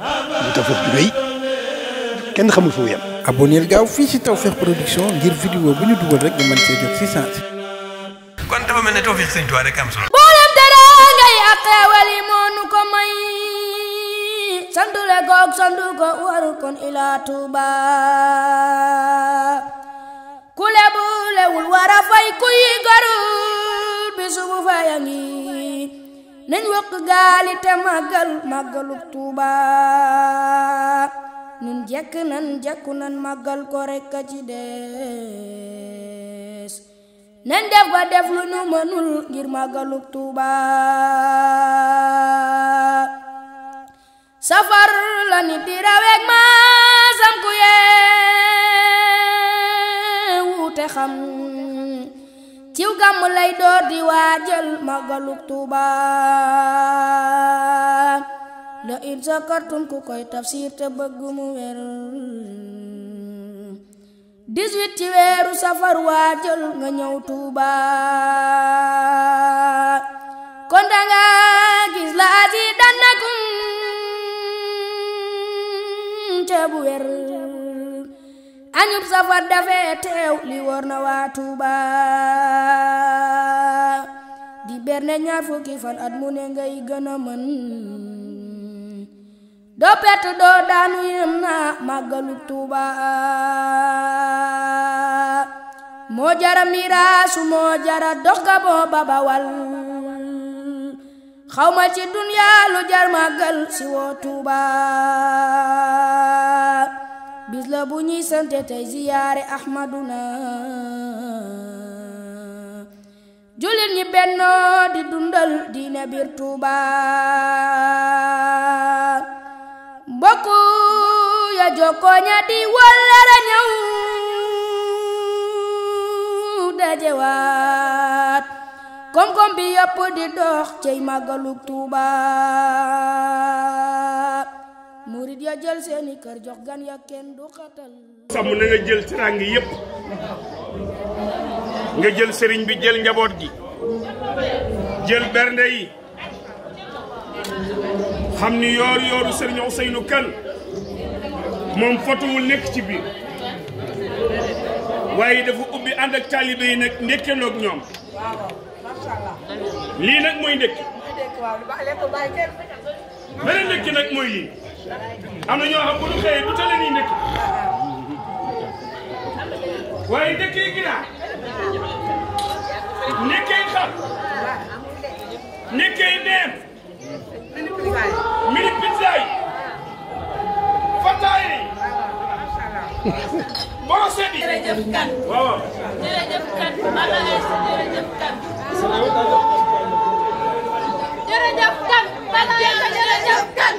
muy Tawfekh ju kenn xamul fu fii ci Tawfekh Production ngir bu ñu dugal rek nga mën see kon dafa mel ne Tawfekh Sëriñ Tuubaa ngay ak xeewal yi moo ko may sant la goog ko waru kon ilaa Tuuba ku lebulewul war a fay kuy garul bi su bu fayangi. nañ wokk gaali te màggal màggaluk Tuuba nun jekk nan jekku nan màggal ko rekk a ci des nañ def ba def lu nu mënul ngir màggaluk Tuuba safar la di raweeg maasam ku yeewu te xam ciw gàmm lay door di waajal magaluk Tuuba la in sakartum ku koy tafsir te bëgg mu wér ci weeru safar waajal nga ñëw Tuuba kon danga gis la azidannakum te bu wér añub safar dafee teew li wor na waa Tuuba di berne ñaar fukki fan at mu ne ngay gën a mën doo pett doo daanu yem na màggalu Tuuba moo jara miraasu moo jara dox ga moo babawal xawma ci dunyaa lu jar màggal si woo Tuuba bis la bu ñuy sante tey ziyaare ahmaduna jullit ñi bennoo di dundal diine biir tuuba mbokku ya jokkoo ña di wallare ñëw dajewaat koom bi yëpp di dox cey màggalug tuuba nit ya jël seeni kër jox gan ya kenn du xatal sàmm na nga jël teraanga yépp nga jël sëriñ bi jël njaboot gi jël bernde yi xam ni yoor yooru sëriñ Ousseynou Kane moom fotuwul nekk ci biir waaye dafa ubbi ànd ak taalibe yi nag ndekkendoog ñoom lii nag mooy ndekki beneen ndekki nag mooy lii am na ñoo xam bu ñu xëyee du tale nii ndekki waaye ndekki ginaar nekkee xar nekkee neen mini pizza yi fataay yi borosé bi jërëjëf kan waaw jërëjëf kan Mama Aïssa jërëjëf kan jërëjëf kan Mama Aïssa jërëjëf kan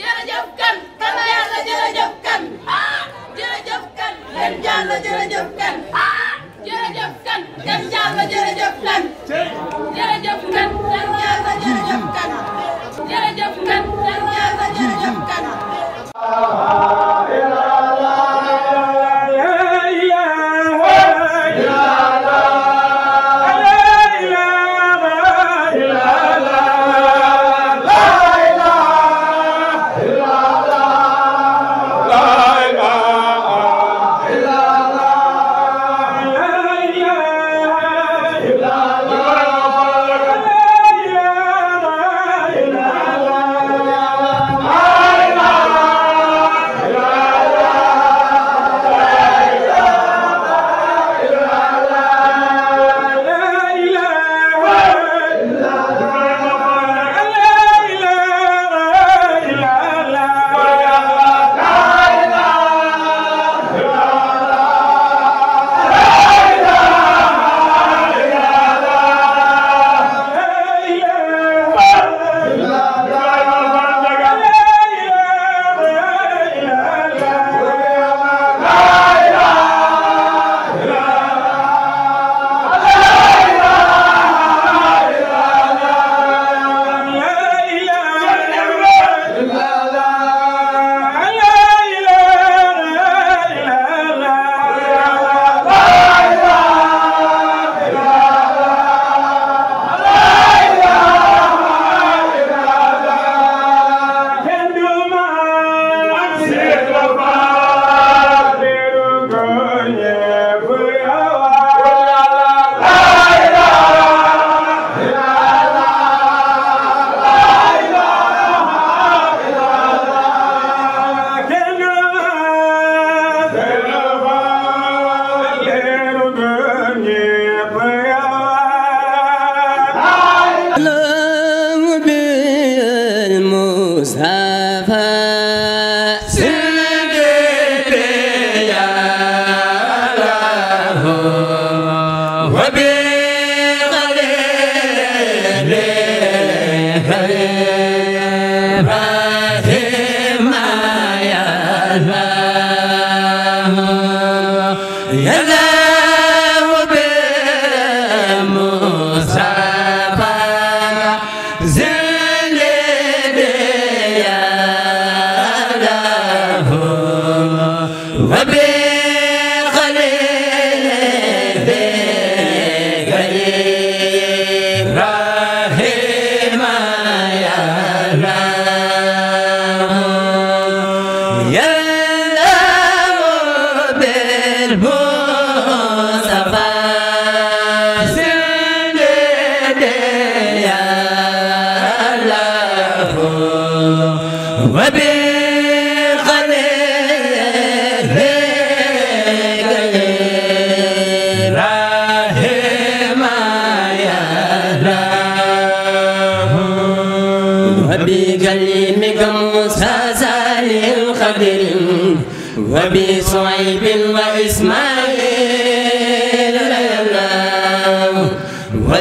jërëjëf kan kan la yàlla jërëjëf kan ah jërëjëf kan dem jàll jërëjëf kan ah jërëjëf kan dem jàll jërëjëf kan jërëjëf kan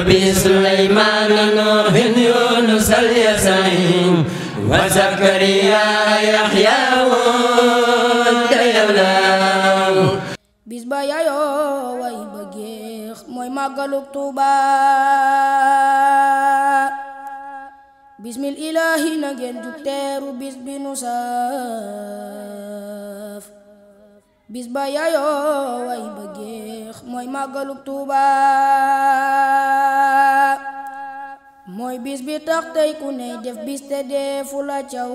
بي سليمان نوح يونس اليسعين وزكريا يحيى ويولام bis ba way ba géex mooy màggalug Tuuba bismil ilaahi na ngeen jug teeru bis bi bis ba yayoo way ba mooy màggalug Tuuba mooy bis bi tax tey ku ney def bis te deefu la caw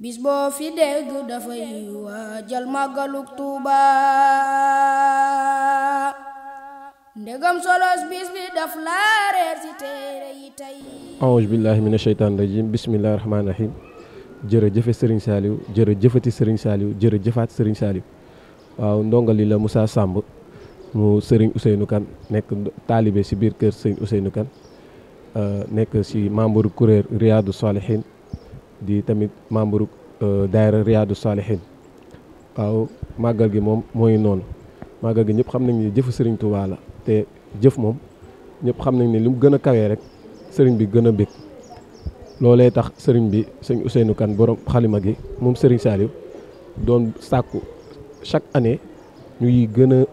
bis boo fi dégg dafay waajal màggalug Tuuba ndegam solos bis bi daf laa reer téere yi tey. aouzu billahi mina shaytaani rajim bismillahi rahmaani rahim jërëjëfe Serigne Saliou jërëjëfati Serigne Saliou jëfaat Serigne Saliou waaw ndongo li la Moussa Samb mu Serigne Ousseynou Kane nekk taalibe si biir kër Serigne Ousseynou Kane euh, nekk si membre kuréel Riyadou Salihine di tamit membre euh, daayira Riyadou Salihine waaw màggal gi moom mooy noonu màggal gi ñëpp xam nañ ni jëfu Serigne Touba te jëf moom ñëpp xam nañ ne lu mu gën a kawee rek sëriñ bi gën a bëgg loolee tax sëriñ bi sëñ Ousseynou kan borom xalima gi moom sëriñ Saliou doon sàkku chaque année ñuy gën a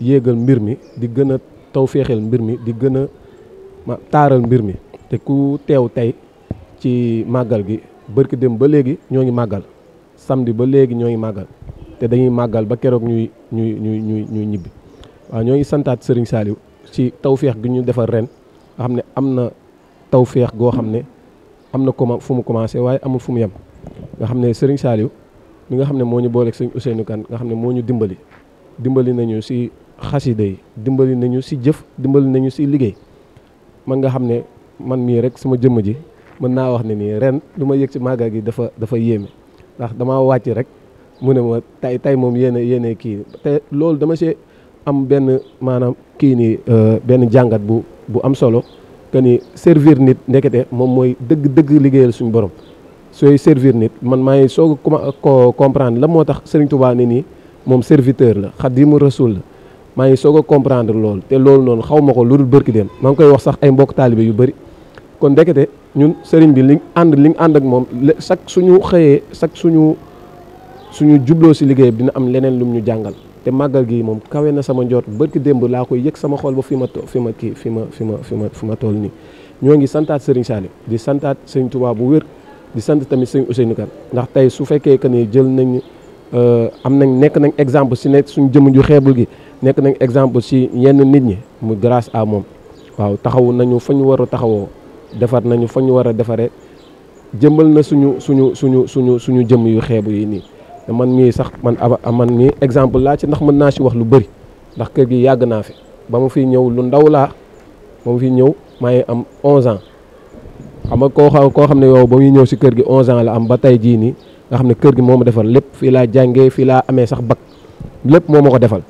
yéegal mbir mi di gën a taw féexeel mbir mi di gën a ma taaral mbir mi te ku teew tey ci màggal gi bërki dem ba léegi ñoo ngi màggal samdi ba léegi ñoo ngi màggal te dañuy màggal ba keroog ñuy ñuy ñuy ñuy ñuy ñibbi waa ñoo ngi santaat sëriñ Saliou ci tawféex gi ñu defar ren nga xam ne am na tawféex goo xam ne am na comment fu mu commencé waaye amul fu mu yem nga xam ne Serigne Saliou mi nga xam ne moo ñu booleeg Serigne Ousseynou Kane nga xam ne moo ñu dimbali dimbali nañu si xasida yi dimbali nañu si jëf dimbali nañu si liggéey man nga xam ne man mii rek suma jëmm ji mën naa wax ne nii ren lu ma yëg si màggal gi dafa dafa yéeme ndax damaa wàcc rek mu ne ma tay tay moom yéen a yéen kii te loolu dama see am benn maanaam kii nii euh, benn jàngat bu bu am solo que ni servir nit ndekete moom mooy dëgg-dëgg liggéeyal suñu borom sooy servir nit man maa ngi soog a comprendre la moo tax Serigne Touba ne nii moom serviteur la xadimu rasul la maa ngi soog a comprendre loolu te loolu noonu xaw ko lu dul bërki dem maa ngi koy wax sax ay mbokk taalibe yu bëri kon ndekete ñun Serigne bi liñ ànd liñ ànd ak moom chaque suñu xëyee chaque suñu suñu jubloo si liggéey bi dina am leneen lum ñu jàngal. te màggal gi moom kawe na sama njoot bërki démb laa koy yëg sama xol ba fi ma fi ma kii fi ma fi ma fi ma fi toll nii ñoo ngi santaat Serigne Saliou di santaat Serigne Touba bu wér di sant tamit Serigne Ousseynou Kane ndax tey su fekkee que ni jël nañ euh, am nañ nekk nañ exemple si nekk suñ jëmm ju xeebul gi nekk nañ exemple si yenn nit ñi mu grâce à moom waaw taxawu nañu fa ñu war a taxawoo defar nañu fa ñu war a defaree jëmbal na suñu suñu suñu suñu suñu jëmm yu xeebu yi nii te man mii sax man aba man mii exemple laa ci ndax mën naa si wax lu bëri ndax kër gi yàgg naa fi ba mu fi ñëw lu ndaw laa ba mu fi ñëw maa am 11 ans xam nga koo xam koo xam ne yow ba muy ñëw si kër gi 11 ans la am ba tey jii nii nga xam ne kër gi moo ma defal lépp fii laa jàngee fii laa amee sax bac lépp moo ma ko defal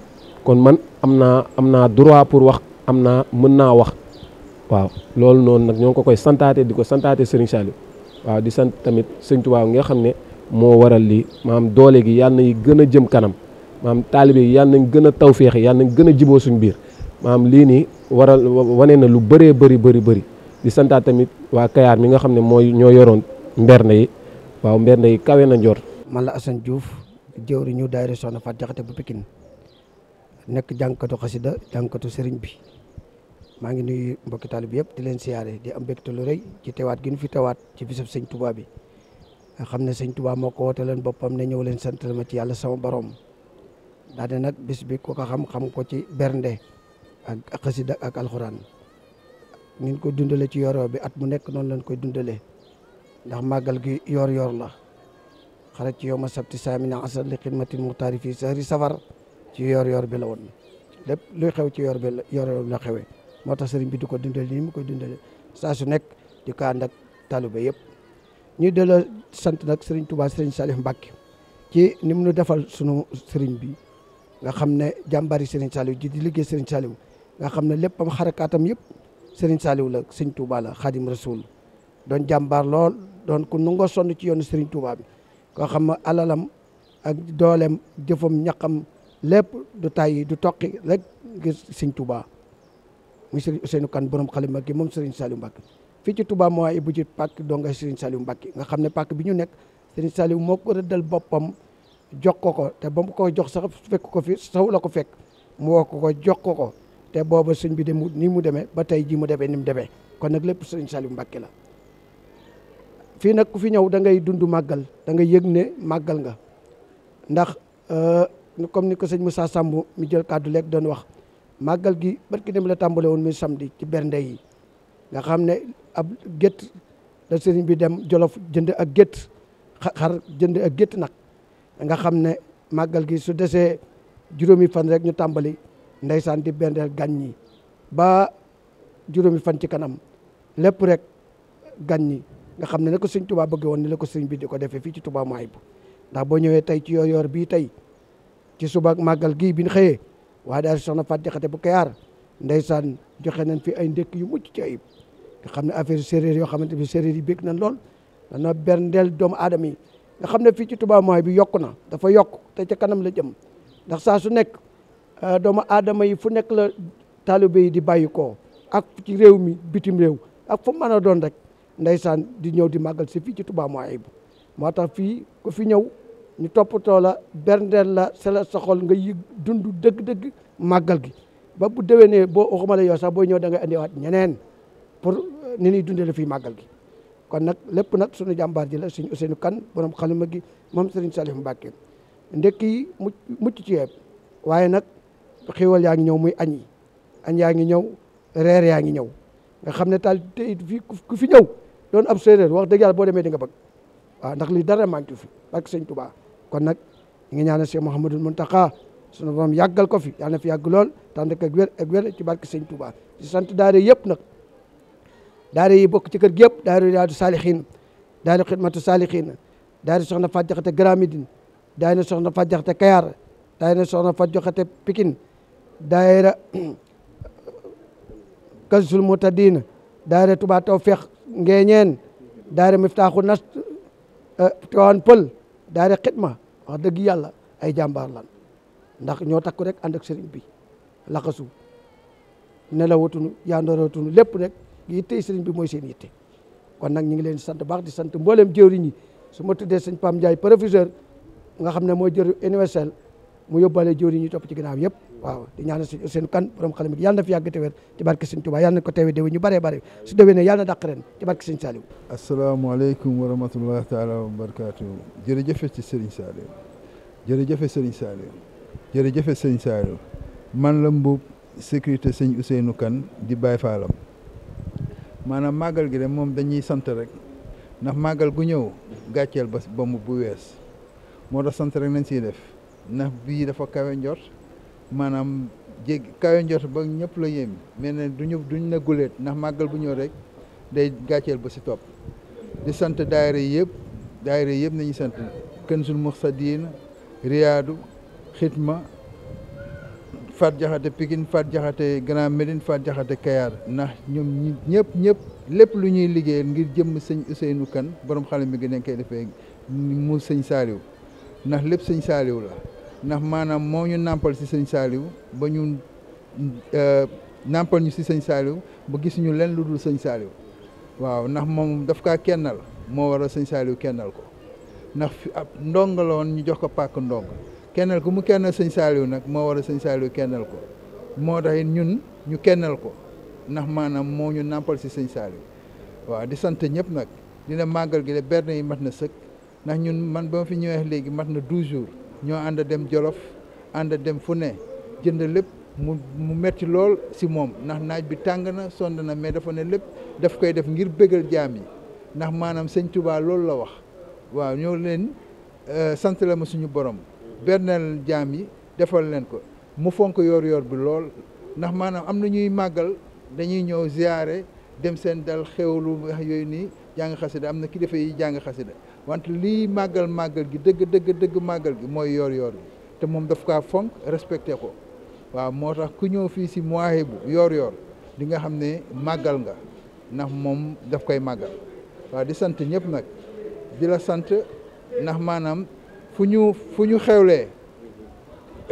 kon man am naa am naa droit pour wax am naa mën naa wax waaw loolu noonu nag ñoo ko koy santaate di ko santaate Serigne Saliou waaw di sant tamit Serigne Touba nga xam ne. moo waral li maam doole gi yàlla nañ gën a jëm kanam maam taalibe yi yàlla nañ gën a tawféexe yàlla nañ gën a jiboo suñ biir maam lii nii waral wane na lu bëree bëri bëri bëri di santaat tamit waa Kayaar mi nga xam ne mooy ñoo yoroon mberne yi waaw mberne yi kawe na njor man la Assane Diouf jëwriñu daayira Soxna Faat Jaxate bu Pikine nekk jànkatu xasida jànkatu sëriñ bi maa ngi nuyu mbokki taalib yëpp di leen siyaare di am mbégte lu rëy ci teewaat fi teewaat ci bisab sëñ Tuubaa bi nga xam ne sëñ Tuubaa moo ko woote leen boppam ne ñëw leen sant ma ci yàlla sama borom daal di nag bis bi ku ko xam xam ko ci bernde ak xasida ak alxuraan nin ko dundale ci yoor bi at mu nekk noonu lañ koy dundale ndax màggal gi yoor yoor la xara ci yow ma sabti saamina asar li xidmatil muxtaari fii sahri safar ci yoor yoor bi la woon lépp luy xew ci yoor bi la yoor yoor la xewee moo tax sëriñ bi di ko dundale nii mu koy dundale saa su nekk di ko ànd yëpp ñuy delloo sant nag Serigne Touba Serigne Salim Mbacke ci ni munu defal sunu Serigne bi nga xam ne jàmbari Serigne Saliou ji di liggéey Serigne Saliou nga xam ne léppam xarakaatam yëpp sëriñ Saliou la Serigne Touba la Khadim Rasoul doon jàmbaar lool doon ku nangoo sonn ci yoonu Serigne Touba bi koo xam ne alalam ak dooleem jëfam ñaqam lépp du tàyyi du toqi rek ngir Serigne Touba muy Serigne Ousseynou Kane borom xalima gi moom Serigne Saliou Mbacke fii ci Touba Mawahibou ci pàkk donga Serigne Saliou Mbacké nga xam ne pàkk bi ñu nekk Serigne Saliou moo ko rëddal boppam jox ko ko te ba mu ko jox sax fekk ko fi saw la ko fekk mu ko jox ko ko te booba sëñ bi dem ni mu demee ba tey ji mu demee ni mu demee kon lépp Serigne Saliou Mbacké la fii nag ku fi ñëw da ngay dund màggal da yëg ne màggal nga ndax euh, comme ni ko sëñ Moussa Samb mu jël kàddu lekk doon wax màggal gi barki dem la tàmbale woon muy samedi ci bernde yi nga xam ne ab gétt la sëriñ bi dem jolof jënd ak gétt jënd ak gétt nag nga xam ne màggal gi su desee juróomi fan rek ñu tàmbali ndeysaan di bendeel gan ñi ba juróomi fan ci kanam lépp rek gan ñi nga xam ne ne ko sëñ Tuubaa bëgge woon ni la ko sëriñ bi di ko defee fii ci Tuubaa maay bu ndax boo ñëwee tey ci yoor yoor bii tey ci suba màggal gii bi ñu xëyee waa daal soxna Fatou Diakhaté bu Kayaar ndeysaan joxe nan fi ay ndékk yu mucc ci ayib nga xam ne affaire séeréer yoo xamante ne séeréer yi bég nañ lool dana berndeel doomu aadama yi nga xam ne fii ci Touba Mouhahy bi yokku na dafa yokk te ca kanam la jëm ndax saa su nekk euh, doomu aadama yi fu nekk la taalibe yi di bàyyi koo ak ci réew mi bitim réew ak fu mën a doon rek ndeysaan di ñëw di màggal si fii ci Touba Mouhahy moo tax fii ku fi ñëw ñu toppatoo la berndel la sela soxol nga yi dund dëgg-dëgg màggal gi ba bu déwénee boo waxuma la yow sax booy ñëw da nga indiwaat ñeneen pour euh, ni ñuy dundee fii màggal gi kon nag lépp nag suñu jàmbaar ji la suñu Ousseynou Kane borom xalima gi moom Serigne Salif Mbacke ndekki yi mucc mucc ci yeeb waaye nag xiwal yaa ngi ñëw muy añ yi yaa ngi ñëw reer yaa ngi ñëw nga xam ne taal te it fii ku fi ñëw doon ab séeréer wax dëgg yàlla boo demee di nga bëgg waaw ndax lii dara manqué fi barke Sëñ kon nag ñu ngi ñaanal Cheikh mun Mountakha sunu borom yàggal ko fi fi yàgg lool tànn ak wér ak wér ci barke Sëñ Touba di sant daara yëpp nag daara yii bokk ci kër gi yëpp daara daadu saalixiin daara xidmatu saalixiin daara soxna Faat Jaxate Grand Médine daara soxna Faat Jaxate Kayar daara soxna Faat Jaxate Pikine daara Kanzul Moutadine daara Touba Tawfeex Ngeeñeen daara Miftaaxu Nas eh, Tiwaan Pël daara xidma wax dëgg yàlla ay jàmbaar lan ndax ñoo takku rek ànd ak sëriñ bi laxasu nelawatuñu yaandooratuñu lépp rek yittey sëriñ bi mooy seen yitte kon nag ñu ngi leen sant baax di sant mbooleem jëwriñ yi su ma tuddee sëñ Pam Ndiaye professeur nga xam ne mooy jëwriñ universel mu yóbbaale jëwriñ yi topp ci ginnaaw yëpp waaw ñaana ñaanal seen kan borom xale mi yàlla na fi yàgg te wér ci barke sëñ Touba yàlla na ko teewee déwén ñu bare bëri su déwee ne yàlla na dàq ren ci barke sëñ Saliou asalaamaaleykum wa rahmatullahi taala wa barakaatu jërëjëfe ci sëriñ Saliou jërëjëfe sëriñ Saliou jërëjëfe sëriñ Saliou man la mbub sécurité sëñ Ousseynou Kane di Baye Fallam maanaam màggal gi rek moom dañuy sant rek ndax màggal gu ñëw gàcceel ba ba mu bu wees moo tax sant rek nañ siy def ndax bii dafa kawe njort maanaam jég kawe njort ba ñëpp la yéem mais ne duñu duñ na guleet ndax màggal bu ñëw rek day gàcceel ba si topp di sant daayira yëpp daayira yëpp nañu sant su sa Muxtadin Riyaadu Xitma faat Diakhaté Pikine Fat Diakhaté Grand Médine Fat jaxate Kayar ndax ñoom ñëpp ñëpp lépp lu ñuy liggéey ngir jëmm sëñ Ousseynou Kane borom xale mi gi nañ koy defee sëñ Saliou ndax lépp sëñ Saliou la ndax maanaam moo ñu nàmpal si sëñ Saliou ba ñu euh, nàmpal ñu si sëñ Saliou ba gisuñu ñu leen lu dul sëñ Saliou waaw ndax moom daf kaa kennal moo waral sëñ Saliou kennal ko ndax fi ab ndongo ñu jox ko pàkk ndongo kennal ko mu kennal sëñ Saliou nag moo war a sëñ Saliou kennal ko moo tax it ñun ñu kennal ko ndax maanaam moo ñu nàmpal si sëñ Saliou waaw di sant ñëpp nag dina màggal gi de berne yi mat na sëkk ndax ñun man ba ma fi ñëwee léegi mat na douze jours ñoo ànd dem Jolof ànd dem fu ne jënd lépp mu mu metti lool si moom ndax naaj bi tàng na sond na mais dafa ne lépp daf koy def ngir bégal jaam yi ndax maanaam sëñ Touba loolu la wax waaw ñoo leen euh, sant la ma suñu borom benneel jaam yi defal leen ko mu fonk yor-yor bi lool ndax maanaam am na ñuy màggal dañuy ñëw ziyaare dem seen dal xewlu yooyu nii jàng xasida am na kilifa yi jàng xasida want lii màggal màggal gi dëgg dëgg dëgg màggal gi mooy yor-yor te moom daf kaa fonk respecté ko waaw moo tax ku ñëw fii si Mawahibou yor-yor di nga xam ne màggal nga ndax moom daf koy màggal waaw di sant ñëpp nag di la sant ndax maanaam. fu ñu fu ñu xewlee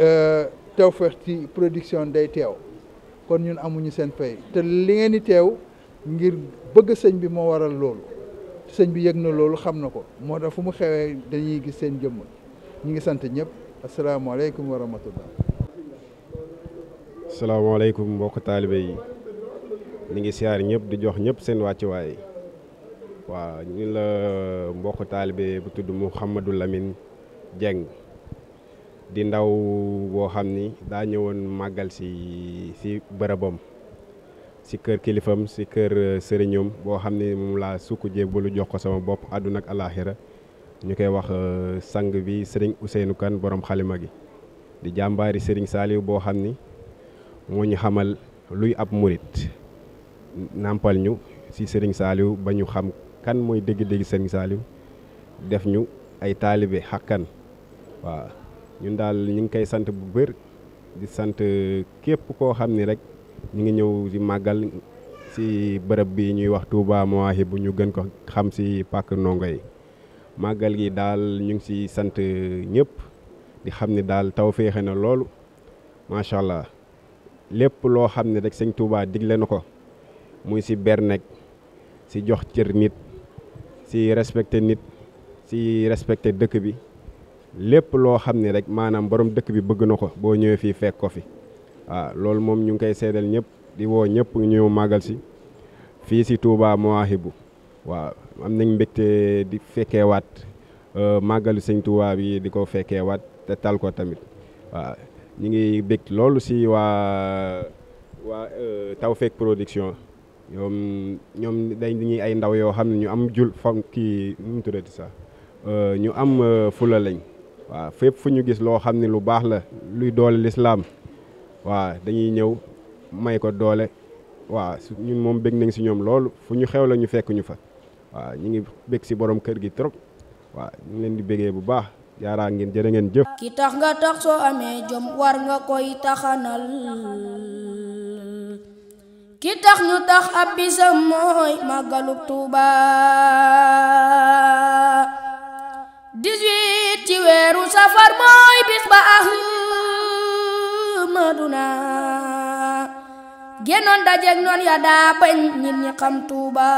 euh, Tawfekh ci production day teew kon ñun amuñu seen fay te li ngeen di teew ngir bëgg sëñ bi moo waral loolu sëñ bi yëg na loolu xam na ko moo tax fu mu xewee dañuy gis seen jëmm ñu ngi sant ñëpp asalaamaaleykum wa rahmatullah asalaamaaleykum mbokk taalibe yi ñu ngi siyaar ñëpp di jox ñëpp seen wàccuwaay waaw ñu la mbokk taalibe bu tudd Mouhamadou Lamine Dieng di ndaw boo xam ni daa ñëwoon màggal si si bërëbam si kër kilifam si kër euh, sëriñam boo xam ni moom laa sukk bulu jox ko sama bopp àdduna ak alaaxira ñu koy wax euh, sang bi sëriñ Ousseynou kan borom xalima gi di jàmbaari sëriñ Saliou boo xam ni moo ñu xamal luy ab murit nàmpal ñu si sëriñ Saliou ba ñu xam kan mooy dégg-dégg sëriñ Saliou def ñu ay taalibe xakkan waaw ñun daal ñu ngi koy sant bu bër di sant képp koo xam ni rek ñu ngi ñëw si màggal si bërëb bi ñuy wax Touba Mawahibou ñu gën ko xam si pàkk ndongo yi màggal gi daal ñu ngi si sant ñëpp di xam ni daal taw féexe na loolu macha allah lépp loo xam ne rek sëñ tuubaa digle na ko muy si bernek si jox cër nit si respecté nit si respecté dëkk bi lépp loo xam ni rek maanaam borom dëkk bi bëgg na ko boo ñëwee fii fekk ko fi waaw ah, loolu moom ñu ngi koy seedal ñëpp di woo ñëpp ñëw màggal si fii si Touba Mawahibou waaw am nañ mbégte di fekkeewaat euh, màggalu sëñ Touba bi di ko fekkeewaat te tal ko tamit waaw ah, ñu ngi bék loolu si waa waa euh, Tawfekh Production ñoom ñoom dañuy ay ndaw yoo xam ne ñu am jul fam kii nu mu ti sax euh, ñu am fula lañ. waaw fépp fu ñu gis loo xam ne lu baax la luy doole lislaam waa dañuy ñëw may ko doole waaw ñun moom bég nañ si ñoom loolu fu ñu xew la ñu fekk ñu fa waaw ñu ngi bég si borom kër gi trop ñu ngi leen di bégee bu baax jaaraa ngeen jërë ngeen jëf ki tax nga tax soo amee jom war nga koy taxanal ki tax ñu tax ab bisam mooy màggalub Tuuba weeru safar mooy bis ba Ahmadu na génnoon dajeeg noon ya daa bañ nit xam Tuuba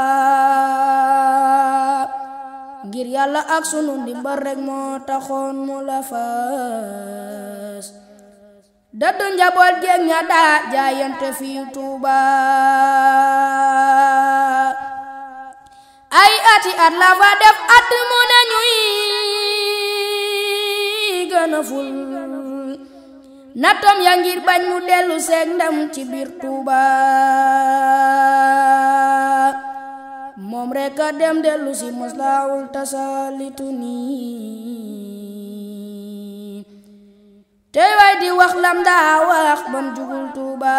ngir yàlla ak sunu ndimbal rek moo taxoon mu la fas dëdd njaboot géeg ña daa jaayante fii Tuuba ay ati at la fa def at mu ne ñuy gëna ful nattom ya ngir bañ mu dellu seeg ndam ci biir Tuuba moom rek a dem dellu si muslaawul tasalitu nii tey waay di wax lam daa wax bam jugul Tuuba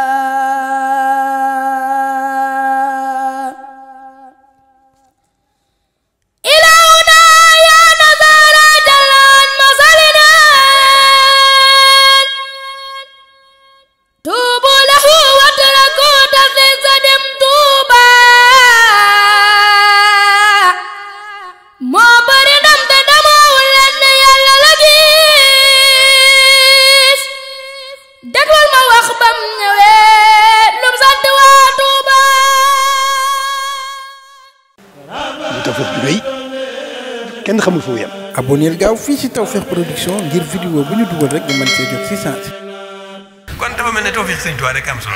abonneel gaaw fii ci Tawfekh Production ngir vidéo bu ñu dugal rek nga mën see jot si saa si. kon dafa mel ne Tawfekh Sëriñ Tuubaa rek am solo.